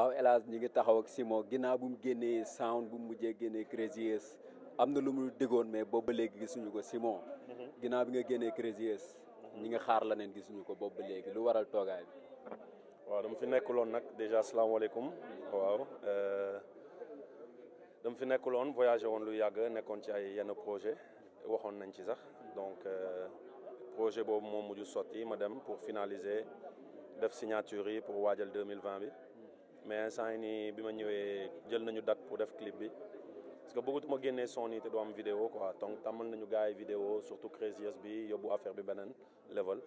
waaw El ñi ngi taxaw ak Simon ginnaaw bu mu génnee sound bu mu mujjee génnee Crazy am na lu mu déggoon mais boobu ba léegi gisuñu ko Simon. Mhm. ginnaaw bi nga génnee Crazy Yes ñi nga xaar la neen gisuñu ko boobu ba léegi lu waral toogaay bi. waaw dama fi nekkuloon nag déjà asalaamaaleykum waaw euh, dam fi nekkuloon voyagé woon lu yàgg nekkoon ci ay yenn projet waxoon nañ ci sax donc euh, projet boobu moom mujj sotti ma dem pour finaliser def signature yi pour waajal 2020 bi mais instant yi nii bi ma ñëwee jël nañu date pour def clip bi parce que bëggatuma génnee son nii te du am vidéo quoi donc tàmmal nañu gars yi vidéo surtout Crazy bi yóbbu affaire bi beneen level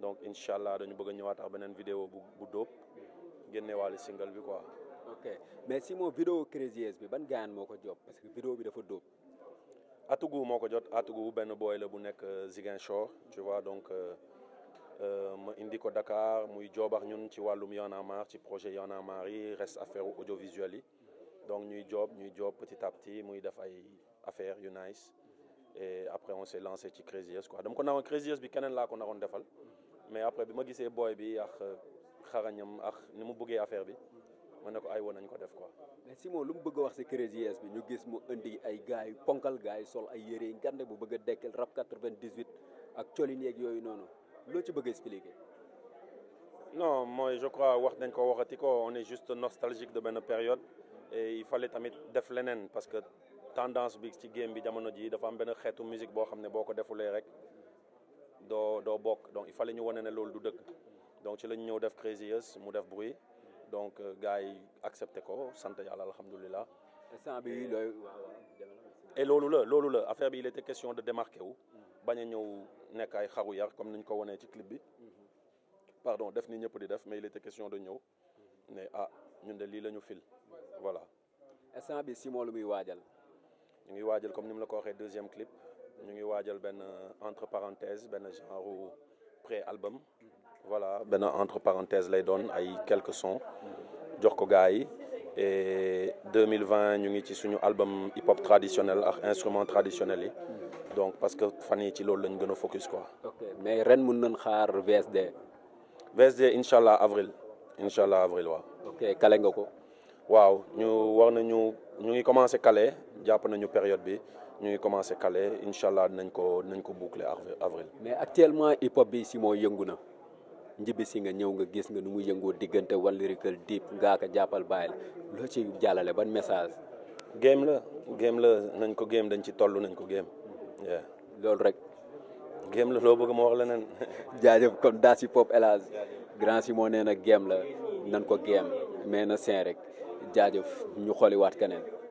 donc incha allah dañu bëgg a ñëwaat ak beneen vidéo bu bu dóob génne waale single bi quoi. mais si moo vidéo Crazy Yes bi ban gaan moo ko job parce que vidéo bi dafa dóob. Atugu moo ko jot Atugu benn booy la bu nekk euh, Ziguinchor tu vois donc. Euh, Euh, ma indi ko Dakar muy joobax ñun ci wàllum Y'en a marre ci projet Y'en a marre yi reste affaire audiovisuel yi donc ñuy joob ñuy joob petit à petit muy def ay affaire yu nice et après on s'est lancé ci Crazy Yes quoi ko naroon Crazy Yes bi keneen laa ko naroon defal mais après bi ma gisee booy bi ak euh, xarañam ak ni mu buggee affaire bi ma ne ko ay woon nañ ko def ko mais Simon lu mu bëgg wax si Crazy bi ñu gis mu indi ay gars yu ponkal gars yi sol ay yére yu ngande bu bëgg a dekkal rap 98 ak colin yeeg yooyu noonu. loo ci bëgg expliquer. non mooy je crois wax dañ ko waxati ko on est juste nostalgique de benn période et il fallait tamit def leneen parce que tendance bi ci game bi jamono ji dafa am benn xeetu musique boo xam ne boo ko defulee rek doo doo bokk donc il fallait ñu wane ne loolu du dëkk donc ci lañ ñëw def Crazy mu def bruit donc euh, gars yi accepté ko sant yàlla alhamdulilah e loolu la loolu la affaire bi il était question de démarquer wu mm-hmm. bañ a ñëw nekk ay xaru yar comme niñ ko wanee ci clip bi mm-hmm. pardon def ni ñëpp di def mais il était question de ñëw mm-hmm. ne ah ñun de lii la ñu fil voilà instant bi Simon lu muy waajal ñu ngi waajal comme ni la ko waxee deuxième clip ñu ngi waajal benn euh, entre parenthèse benn genre pré album voilà benn entre parenthèse lay doon ay quelques son jox ko gars yi et 2020 ñu ngi ci suñu album hip hop traditionnel ak instrument traditionnel yi donc parce que fan yi ci loolu lañ gën a focus ko ok mais ren mën nañ xaar VSD. VSD incha allah avril incha allah avril waaw. ok kale nga ko. waaw ñu war nañu ñu ngi commencé kale jàpp nañu période bi ñu ngi commencé kale incha allah nañ ko nañ ko boucler avril. mais actuellement hip hop bi si moo yëngu na. njibbi si nga ñëw nga gis nga nu mu yëngoo diggante One Lyrical Dip Ngaaka jàppal bàyyil loo ci jàllale ban message. game la game la nañ ko game dañ ci toll nañ ko game. loolu rek. game la loo bëgg ma wax leneen. jaajëf kon daa si pop elage grand si moo nee na game la nañ ko game mais na sain rek jaajëf ñu xooliwaat keneen.